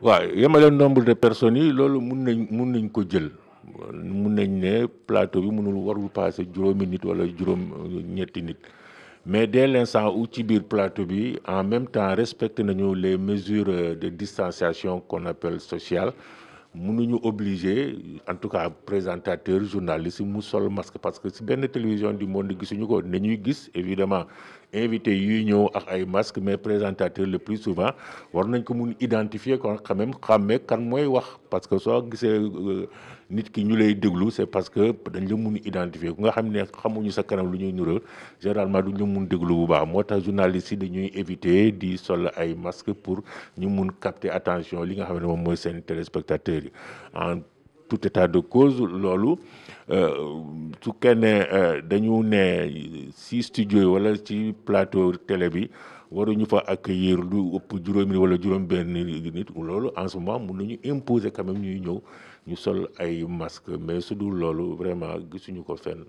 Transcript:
waaw yemale nombre de personnes yi loolu mun nañ mun nañ ko jël mun nañ ne plateau bi mënul warul passé juróomi nit wala juróom ñetti nit mais dès l'instant où ci biir plateau bi en même temps respecté nañu les mesures de distanciation qu'on appelle sociale mënuñu obligé en tout cas présentateur journaliste mu sol masque parce que si benn télévision du monde gisuñu ko nañuy gis évidemment invité yuy ñëw ak ay masque mais présentateur le plus souvent war nañ ko mun identifier kon quand même xàmmee kan mooy wax parce que soo gisee euh, nit ki ñu lay déglu c'est parce que dañ la mun identifier ku nga xam ne xamuñu sa kanam lu ñuy nural généralement duñ ñu mun déglu bu baax moo tax journalistes yi dañuy invité di sol ay masque pour ñu mun capter attention li nga xam ne moom mooy seen téléspectateurs yi tout état de cause loolu euh, su kenn euh, dañu ne si studio yi wala ci plateau télé bi waruñu fa accueillir lu ëpp juróomi wala juróom-benn nit loolu en ce moment ñu nañu imposer ñuy ñëw ñu sol ay masque mais su dul loolu vraiment gisuñu ko fenn.